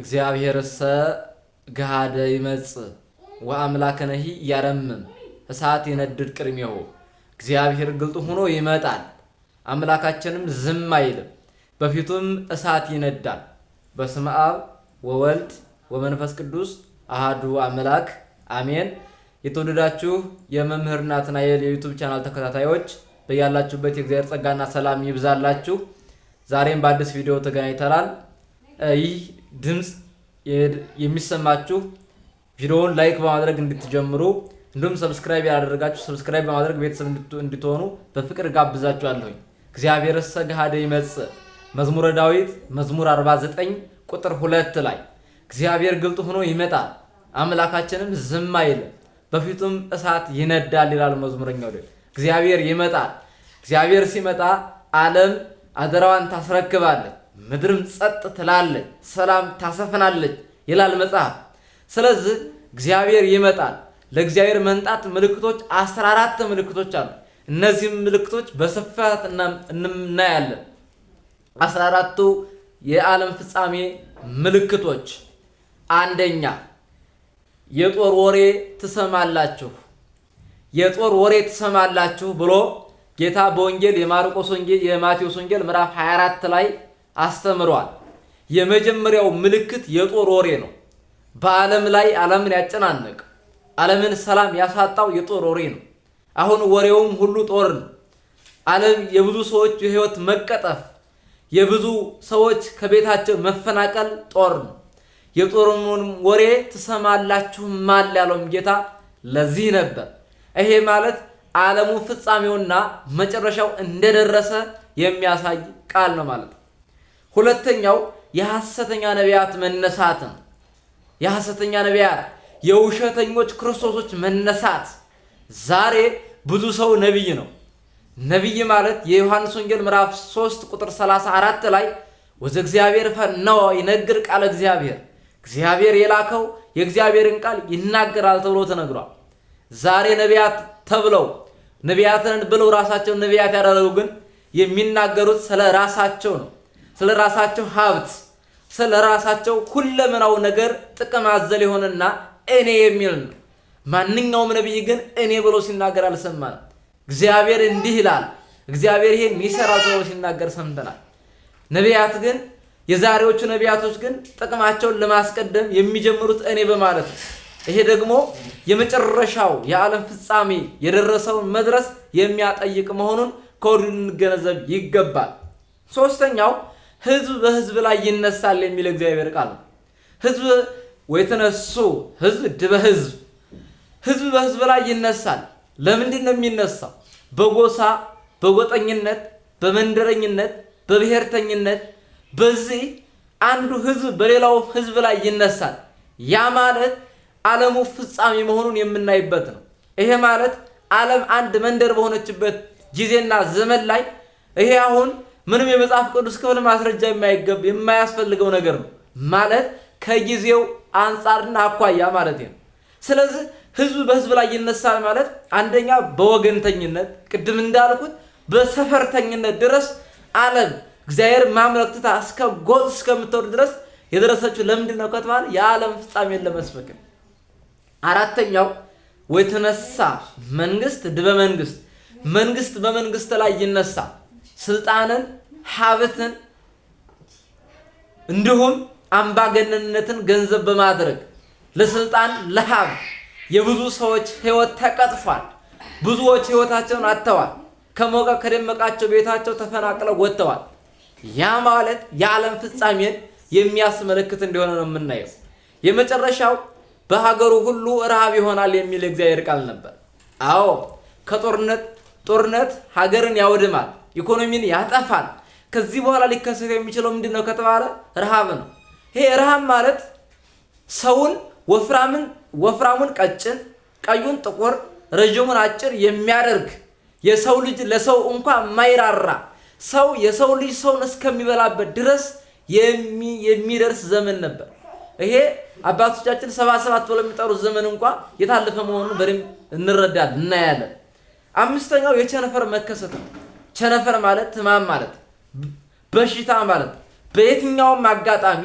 እግዚአብሔርሰ ገሃደ ይመጽእ ወአምላክነሂ ያረምም እሳት የነድድ ቅድሜሁ እግዚአብሔር ግልጥ ሆኖ ይመጣል፣ አምላካችንም ዝም አይልም፣ በፊቱም እሳት ይነዳል። በስመ አብ ወወልድ ወመንፈስ ቅዱስ አሃዱ አምላክ አሜን። የተወደዳችሁ የመምህርና ናትናኤል የዩቱብ ቻናል ተከታታዮች በያላችሁበት የእግዚአብሔር ጸጋና ሰላም ይብዛላችሁ። ዛሬም በአዲስ ቪዲዮ ተገናኝተናል። ይህ ድምፅ የሚሰማችሁ ቪዲዮውን ላይክ በማድረግ እንድትጀምሩ እንዲሁም ሰብስክራይብ ያደረጋችሁ ሰብስክራይብ በማድረግ ቤተሰብ እንድትሆኑ በፍቅር ጋብዛችኋለሁኝ። እግዚአብሔር ሰግሃደ ይመጽእ መዝሙረ ዳዊት መዝሙር 49 ቁጥር 2 ላይ እግዚአብሔር ግልጥ ሆኖ ይመጣል፣ አምላካችንም ዝም አይልም፣ በፊቱም እሳት ይነዳል ይላል መዝሙረኛው። እግዚአብሔር ይመጣል። እግዚአብሔር ሲመጣ ዓለም አደራዋን ታስረክባለች። ምድርም ጸጥ ትላለች፣ ሰላም ታሰፍናለች ይላል መጽሐፍ። ስለዚህ እግዚአብሔር ይመጣል። ለእግዚአብሔር መንጣት ምልክቶች አስራ አራት ምልክቶች አሉ። እነዚህም ምልክቶች በስፋት እናያለን። አስራ ቱ የዓለም ፍጻሜ ምልክቶች አንደኛ የጦር ወሬ ትሰማላችሁ የጦር ወሬ ትሰማላችሁ ብሎ ጌታ በወንጌል የማርቆስ ወንጌል የማቴዎስ ወንጌል ምዕራፍ 24 ላይ አስተምሯል። የመጀመሪያው ምልክት የጦር ወሬ ነው። በዓለም ላይ ዓለምን ያጨናንቅ ዓለምን ሰላም ያሳጣው የጦር ወሬ ነው። አሁን ወሬውም ሁሉ ጦር ነው። ዓለም የብዙ ሰዎች የህይወት መቀጠፍ፣ የብዙ ሰዎች ከቤታቸው መፈናቀል ጦር ነው። የጦርን ወሬ ትሰማላችሁ ማል ያለውም ጌታ ለዚህ ነበር። ይሄ ማለት ዓለሙ ፍጻሜውና መጨረሻው እንደደረሰ የሚያሳይ ቃል ነው ማለት ነው። ሁለተኛው የሐሰተኛ ነቢያት መነሳት ነው። የሐሰተኛ ነቢያት የውሸተኞች ክርስቶሶች መነሳት። ዛሬ ብዙ ሰው ነቢይ ነው። ነቢይ ማለት የዮሐንስ ወንጌል ምዕራፍ 3 ቁጥር 34 ላይ ወዘ እግዚአብሔር ፈነወ ይነግር ቃለ እግዚአብሔር፣ እግዚአብሔር የላከው የእግዚአብሔርን ቃል ይናገራል ተብሎ ተነግሯል። ዛሬ ነቢያት ተብለው ነቢያትን ብለው ራሳቸውን ነቢያት ያደረጉ ግን የሚናገሩት ስለ ራሳቸው ነው። ስለ ራሳቸው ሀብት፣ ስለ ራሳቸው ሁለመናው ነገር ጥቅም አዘል የሆነና እኔ የሚል ነው። ማንኛውም ነቢይ ግን እኔ ብሎ ሲናገር አልሰማም እግዚአብሔር እንዲህ ይላል፣ እግዚአብሔር ይሄን ይሰራል ብሎ ሲናገር ሰምተናል። ነቢያት ግን የዛሬዎቹ ነቢያቶች ግን ጥቅማቸውን ለማስቀደም የሚጀምሩት እኔ በማለት ነው። ይሄ ደግሞ የመጨረሻው የዓለም ፍጻሜ የደረሰውን መድረስ የሚያጠይቅ መሆኑን ከወዲሁ ልንገነዘብ ይገባል። ሶስተኛው ህዝብ በህዝብ ላይ ይነሳል የሚል እግዚአብሔር ቃል ነው። ህዝብ ወይተነሱ ህዝብ ድበ ህዝብ ህዝብ በህዝብ ላይ ይነሳል። ለምንድን ነው የሚነሳው? በጎሳ በጎጠኝነት፣ በመንደረኝነት፣ በብሔርተኝነት በዚህ አንዱ ህዝብ በሌላው ህዝብ ላይ ይነሳል። ያ ማለት ዓለሙ ፍጻሜ መሆኑን የምናይበት ነው። ይሄ ማለት ዓለም አንድ መንደር በሆነችበት ጊዜና ዘመን ላይ ይሄ አሁን ምንም የመጽሐፍ ቅዱስ ክፍል ማስረጃ የማያስፈልገው ነገር ነው ማለት ከጊዜው አንጻርና አኳያ ማለት ነው። ስለዚህ ህዝብ በህዝብ ላይ ይነሳል ማለት አንደኛ በወገንተኝነት ቅድም እንዳልኩት በሰፈርተኝነት ድረስ ዓለም እግዚአብሔር ማምለክ ትታ እስከ ጎጥ እስከምትወርድ ድረስ የደረሰችው ለምንድን ነው ከተባለ የዓለም ፍጻሜን ለመስበክ አራተኛው ወይተነሳ መንግስት ድበ መንግስት መንግስት በመንግስት ላይ ይነሳል። ስልጣንን፣ ሀብትን እንዲሁም አምባገነንነትን ገንዘብ በማድረግ ለስልጣን ለሀብ የብዙ ሰዎች ህይወት ተቀጥፏል። ብዙዎች ህይወታቸውን አጥተዋል። ከሞቀ ከደመቃቸው ቤታቸው ተፈናቅለው ወጥተዋል። ያ ማለት የዓለም ፍጻሜን የሚያስመለክት እንደሆነ ነው የምናየው። የመጨረሻው በሀገሩ ሁሉ ረሃብ ይሆናል የሚል እግዚአብሔር ቃል ነበር። አዎ ከጦርነት ጦርነት ሀገርን ያወድማል። ኢኮኖሚን ያጠፋል። ከዚህ በኋላ ሊከሰት የሚችለው ምንድን ነው ከተባለ ረሃብ ነው። ይሄ ረሃብ ማለት ሰውን ወፍራምን ወፍራሙን ቀጭን፣ ቀዩን ጥቁር፣ ረዥሙን አጭር የሚያደርግ የሰው ልጅ ለሰው እንኳ የማይራራ ሰው የሰው ልጅ ሰውን እስከሚበላበት ድረስ የሚደርስ ዘመን ነበር። ይሄ አባቶቻችን ሰባ ሰባት ብለው የሚጠሩት ዘመን እንኳ የታለፈ መሆኑን በደንብ እንረዳለን እናያለን። አምስተኛው የቸነፈር መከሰት ነው። ቸነፈር ማለት ህማም ማለት በሽታ ማለት በየትኛውም አጋጣሚ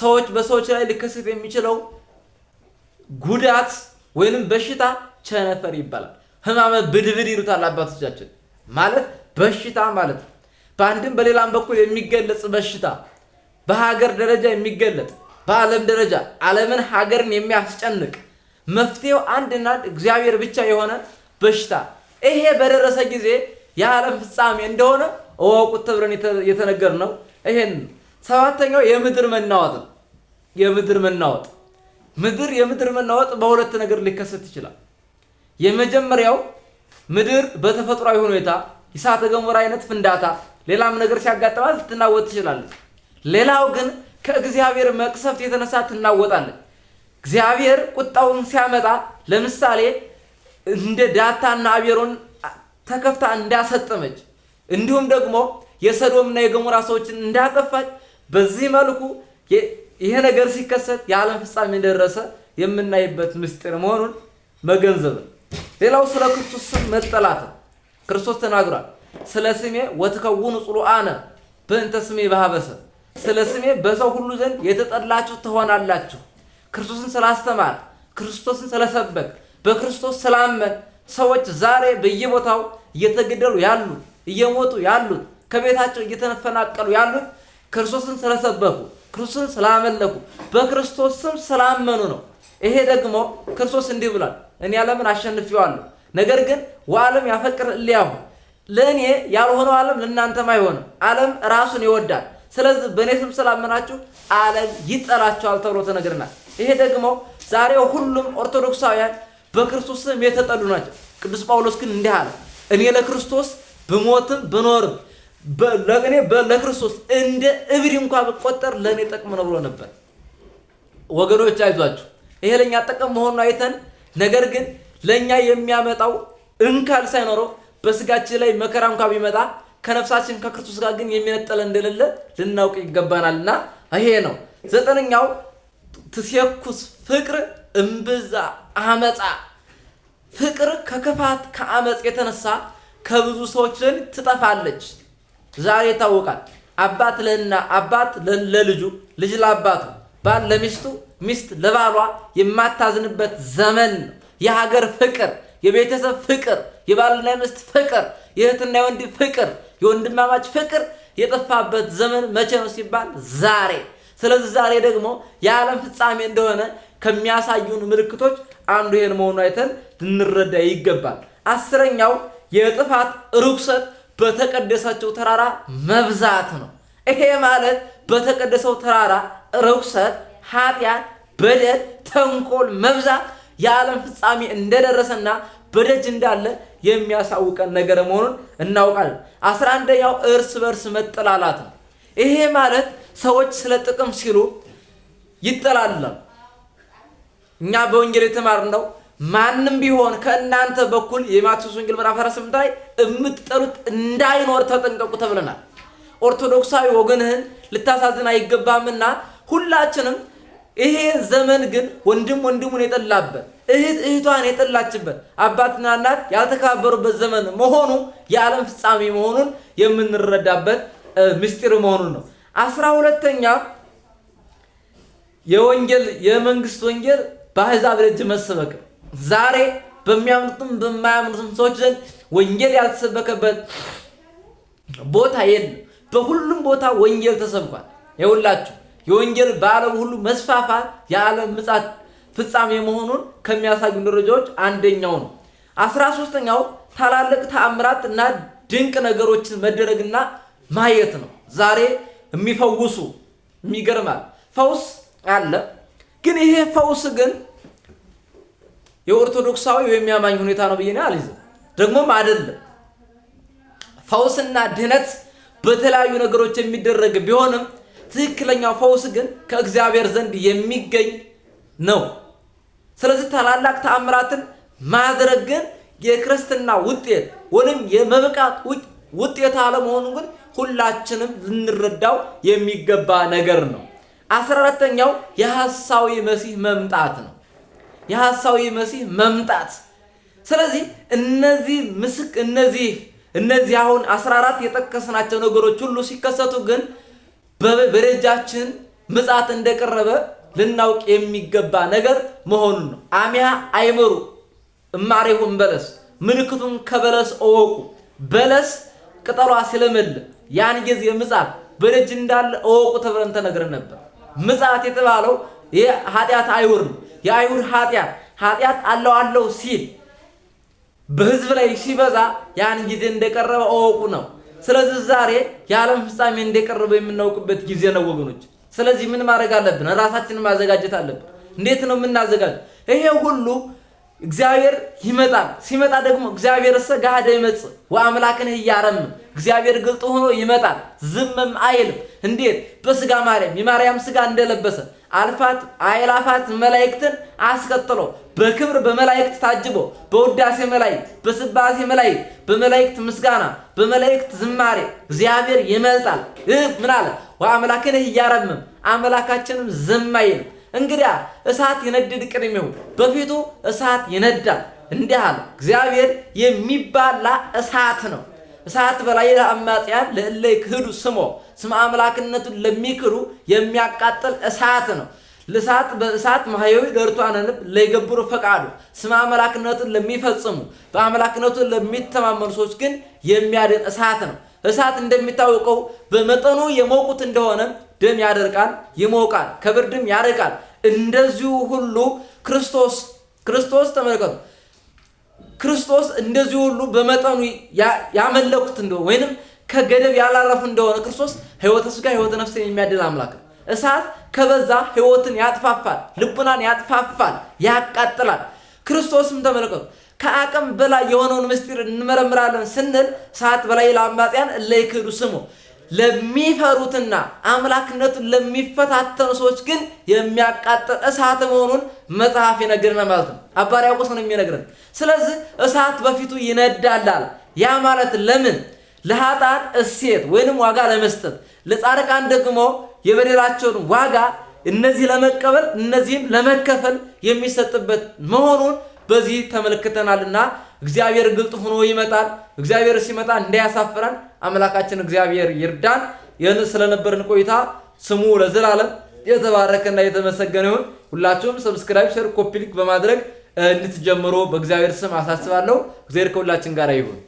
ሰዎች በሰዎች ላይ ሊከሰት የሚችለው ጉዳት ወይንም በሽታ ቸነፈር ይባላል። ህማመ ብድብድ ይሉታል አባቶቻችን። ማለት በሽታ ማለት በአንድም በሌላም በኩል የሚገለጽ በሽታ በሀገር ደረጃ የሚገለጥ በዓለም ደረጃ ዓለምን ሀገርን የሚያስጨንቅ መፍትሄው አንድና እግዚአብሔር ብቻ የሆነ በሽታ ይሄ በደረሰ ጊዜ የዓለም ፍጻሜ እንደሆነ እወቁት ተብለን የተነገር ነው። ይሄን ሰባተኛው የምድር መናወጥ የምድር መናወጥ ምድር የምድር መናወጥ በሁለት ነገር ሊከሰት ይችላል። የመጀመሪያው ምድር በተፈጥሯዊ ሁኔታ የእሳተ ገሞራ አይነት ፍንዳታ፣ ሌላም ነገር ሲያጋጥማት ልትናወጥ ትችላለች። ሌላው ግን ከእግዚአብሔር መቅሰፍት የተነሳ ትናወጣለች። እግዚአብሔር ቁጣውን ሲያመጣ ለምሳሌ እንደ ዳታና አቤሮን ተከፍታ እንዳሰጠመች እንዲሁም ደግሞ የሰዶምና የገሞራ ሰዎችን እንዳጠፋች በዚህ መልኩ ይሄ ነገር ሲከሰት የዓለም ፍጻሜ እንደደረሰ የምናይበት ምስጢር መሆኑን መገንዘብ ነው። ሌላው ስለ ክርስቶስ ስም መጠላት ክርስቶስ ተናግሯል። ስለ ስሜ ወትከውኑ ጽሉአነ በእንተ ስሜ ባህበሰ ስለ ስሜ በሰው ሁሉ ዘንድ የተጠላችሁ ትሆናላችሁ። ክርስቶስን ስላስተማር፣ ክርስቶስን ስለሰበክ፣ በክርስቶስ ስላመን ሰዎች ዛሬ በየቦታው እየተገደሉ ያሉት እየሞቱ ያሉት ከቤታቸው እየተፈናቀሉ ያሉት ክርስቶስን ስለሰበኩ ክርስቶስን ስላመለኩ በክርስቶስ ስም ስላመኑ ነው። ይሄ ደግሞ ክርስቶስ እንዲህ ብሏል፣ እኔ ዓለምን አሸንፌዋለሁ፣ ነገር ግን ወዓለም ያፈቅር እልያሁ፣ ለእኔ ያልሆነው ዓለም ለእናንተም አይሆንም። ዓለም ራሱን ይወዳል፣ ስለዚህ በእኔ ስም ስላመናችሁ ዓለም ይጠላቸዋል ተብሎ ተነግረናል። ይሄ ደግሞ ዛሬ ሁሉም ኦርቶዶክሳውያን በክርስቶስ ስም የተጠሉ ናቸው። ቅዱስ ጳውሎስ ግን እንዲህ አለ፣ እኔ ለክርስቶስ ብሞትም ብኖርም ለእኔ ለክርስቶስ እንደ እብድ እንኳ ብቆጠር ለእኔ ጠቅም ነው ብሎ ነበር። ወገኖች አይዟችሁ፣ ይሄ ለእኛ ጠቅም መሆኑን አይተን ነገር ግን ለእኛ የሚያመጣው እንካል ሳይኖረው በስጋችን ላይ መከራ እንኳ ቢመጣ ከነፍሳችን ከክርስቶስ ጋር ግን የሚነጠለ እንደሌለ ልናውቅ ይገባናል። እና ይሄ ነው ዘጠነኛው ትሴኩስ ፍቅር እምብዛ አመፃ ፍቅር ከክፋት ከአመፅ የተነሳ ከብዙ ሰዎች ዘንድ ትጠፋለች። ዛሬ ይታወቃል። አባት ለና አባት ለልጁ፣ ልጅ ለአባቱ፣ ባል ለሚስቱ፣ ሚስት ለባሏ የማታዝንበት ዘመን ነው። የሀገር ፍቅር፣ የቤተሰብ ፍቅር፣ የባልና የሚስት ፍቅር፣ የእህትና የወንድ ፍቅር፣ የወንድማማች ፍቅር የጠፋበት ዘመን መቼ ነው ሲባል ዛሬ። ስለዚህ ዛሬ ደግሞ የዓለም ፍጻሜ እንደሆነ ከሚያሳዩን ምልክቶች አንዱ ይህን መሆኑ አይተን ልንረዳ ይገባል። አስረኛው የጥፋት ርኩሰት በተቀደሳቸው ተራራ መብዛት ነው። ይሄ ማለት በተቀደሰው ተራራ ርኩሰት፣ ኃጢአት፣ በደል፣ ተንኮል መብዛት የዓለም ፍጻሜ እንደደረሰና በደጅ እንዳለ የሚያሳውቀን ነገር መሆኑን እናውቃለን። አስራ አንደኛው እርስ በርስ መጠላላት ነው። ይሄ ማለት ሰዎች ስለ ጥቅም ሲሉ ይጠላላል። እኛ በወንጌል የተማርነው ማንም ቢሆን ከእናንተ በኩል የማቴዎስ ወንጌል ምዕራፍ 28 ላይ የምትጠሉት እንዳይኖር ተጠንቀቁ ተብለናል። ኦርቶዶክሳዊ ወገንህን ልታሳዝን አይገባምና ሁላችንም ይሄ ዘመን ግን ወንድም ወንድሙን የጠላበት እህት እህቷን የጠላችበት አባትና እናት ያልተከባበሩበት ዘመን መሆኑ የዓለም ፍጻሜ መሆኑን የምንረዳበት ምስጢር መሆኑን ነው። አስራ ሁለተኛ የወንጌል የመንግስት ወንጌል በአሕዛብ ደጅ መሰበክ ዛሬ በሚያምኑትም በማያምኑትም ሰዎች ዘንድ ወንጌል ያልተሰበከበት ቦታ የለም። በሁሉም ቦታ ወንጌል ተሰብኳል። የሁላችሁ የወንጌል በዓለም ሁሉ መስፋፋት የዓለም ምጻት ፍጻሜ መሆኑን ከሚያሳዩ ደረጃዎች አንደኛው ነው። አስራ ሶስተኛው ታላላቅ ተአምራት እና ድንቅ ነገሮችን መደረግና ማየት ነው። ዛሬ የሚፈውሱ የሚገርማል ፈውስ አለ ግን ይሄ ፈውስ ግን የኦርቶዶክሳዊ የሚያማኝ ሁኔታ ነው ብዬ አልይዝም። ደግሞም አይደለም። ፈውስና ድህነት በተለያዩ ነገሮች የሚደረግ ቢሆንም ትክክለኛው ፈውስ ግን ከእግዚአብሔር ዘንድ የሚገኝ ነው። ስለዚህ ታላላቅ ተአምራትን ማድረግ ግን የክርስትና ውጤት ወይም የመብቃት ውጤት አለመሆኑ ግን ሁላችንም ልንረዳው የሚገባ ነገር ነው። አስራ አራተኛው የሐሳዊ መሲህ መምጣት ነው። የሐሳዊ መሲህ መምጣት። ስለዚህ እነዚህ ምስክ እነዚህ እነዚህ አሁን 14 አራት የጠቀስናቸው ነገሮች ሁሉ ሲከሰቱ ግን በደጃችን ምጽአት እንደቀረበ ልናውቅ የሚገባ ነገር መሆኑን ነው። አሚያ አይመሩ እማሬሁን በለስ ምልክቱን ከበለስ እወቁ። በለስ ቅጠሏ ሲለመልም ያን ጊዜ ምጽአት በደጅ እንዳለ እወቁ ተብለን ተነግረን ነበር። ምጽአት የተባለው የኃጢአት አይሁር ነው። የአይሁድ ኃጢአት ኃጢአት አለው አለው ሲል በህዝብ ላይ ሲበዛ ያን ጊዜ እንደቀረበ እወቁ ነው። ስለዚህ ዛሬ የዓለም ፍጻሜ እንደቀረበ የምናውቅበት ጊዜ ነው ወገኖች። ስለዚህ ምን ማድረግ አለብን? ራሳችንን ማዘጋጀት አለብን። እንዴት ነው የምናዘጋጀው? ይሄ ሁሉ እግዚአብሔር ይመጣል። ሲመጣ ደግሞ እግዚአብሔር እሰ ገሃደ ይመጽእ ወአምላክንህ ኢያረምም እግዚአብሔር ግልጥ ሆኖ ይመጣል፣ ዝምም አይልም። እንዴት? በስጋ ማርያም የማርያም ስጋ እንደለበሰ አልፋት አይላፋት መላእክትን አስከትሎ በክብር በመላእክት ታጅቦ በውዳሴ መላእክት፣ በስባሴ መላእክት፣ በመላእክት ምስጋና፣ በመላእክት ዝማሬ እግዚአብሔር ይመጣል። ምን አለ? ወአምላክንህ ኢያረምም አምላካችንም ዝም አይልም። እንግዲያ እሳት የነድድ ቅድሜው በፊቱ እሳት ይነዳል። እንዲህ አለ እግዚአብሔር የሚባላ እሳት ነው። እሳት በላይ ለአማጽያን ለእለ ክህዱ ስሞ ስም አምላክነቱን ለሚክሩ የሚያቃጥል እሳት ነው። ልሳት በእሳት ማህየዊ ደርቷን ልብ ለይገብሩ ፈቃዱ ስመ አምላክነቱን ለሚፈጽሙ በአምላክነቱን ለሚተማመኑ ሰዎች ግን የሚያድን እሳት ነው። እሳት እንደሚታወቀው በመጠኑ የሞቁት እንደሆነ ደም ያደርቃል፣ ይሞቃል፣ ከብርድም ያርቃል። እንደዚሁ ሁሉ ክርስቶስ ክርስቶስ ተመልከቱ ክርስቶስ እንደዚሁ ሁሉ በመጠኑ ያመለኩት እንደሆነ ወይንም ከገደብ ያላረፉ እንደሆነ ክርስቶስ ሕይወተ ሥጋ ሕይወተ ነፍስን የሚያድል አምላክ ነው። እሳት ከበዛ ሕይወትን ያጥፋፋል፣ ልቡናን ያጥፋፋል፣ ያቃጥላል። ክርስቶስም ተመልከቱ ከአቅም በላይ የሆነውን ምስጢር እንመረምራለን ስንል ሰዓት በላይ ለአማጽያን ለይክዱ ስሙ ለሚፈሩትና አምላክነቱን ለሚፈታተኑ ሰዎች ግን የሚያቃጥል እሳት መሆኑን መጽሐፍ ይነግርና ማለት ነው። አባ ሕርያቆስ ነው የሚነግርን። ስለዚህ እሳት በፊቱ ይነዳላል። ያ ማለት ለምን ለኃጥአን እሴት ወይንም ዋጋ ለመስጠት ለጻድቃን ደግሞ የበደላቸውን ዋጋ እነዚህ ለመቀበል እነዚህም ለመከፈል የሚሰጥበት መሆኑን በዚህ ተመልክተናልና እግዚአብሔር ግልጥ ሆኖ ይመጣል። እግዚአብሔር ሲመጣ እንዳያሳፍረን አምላካችን እግዚአብሔር ይርዳን። ስለነበርን ቆይታ ስሙ ለዘላለም የተባረከና የተመሰገነ ይሁን። ሁላችሁም ሰብስክራይብ፣ ሼር፣ ኮፒ ሊክ በማድረግ እንድትጀምሩ በእግዚአብሔር ስም አሳስባለሁ። እግዚአብሔር ከሁላችን ጋር ይሁን።